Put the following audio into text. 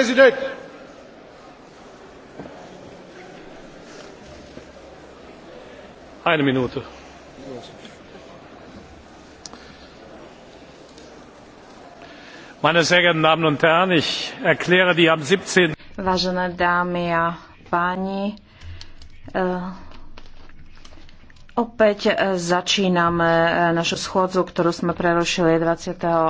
President. Eine Minute. Meine sehr geehrten Damen und Herren, ich erkläre die am 17. Vážené dámy a páni, eh, opäť eh, začíname eh, našu schôdzu, ktorú sme prerušili 20.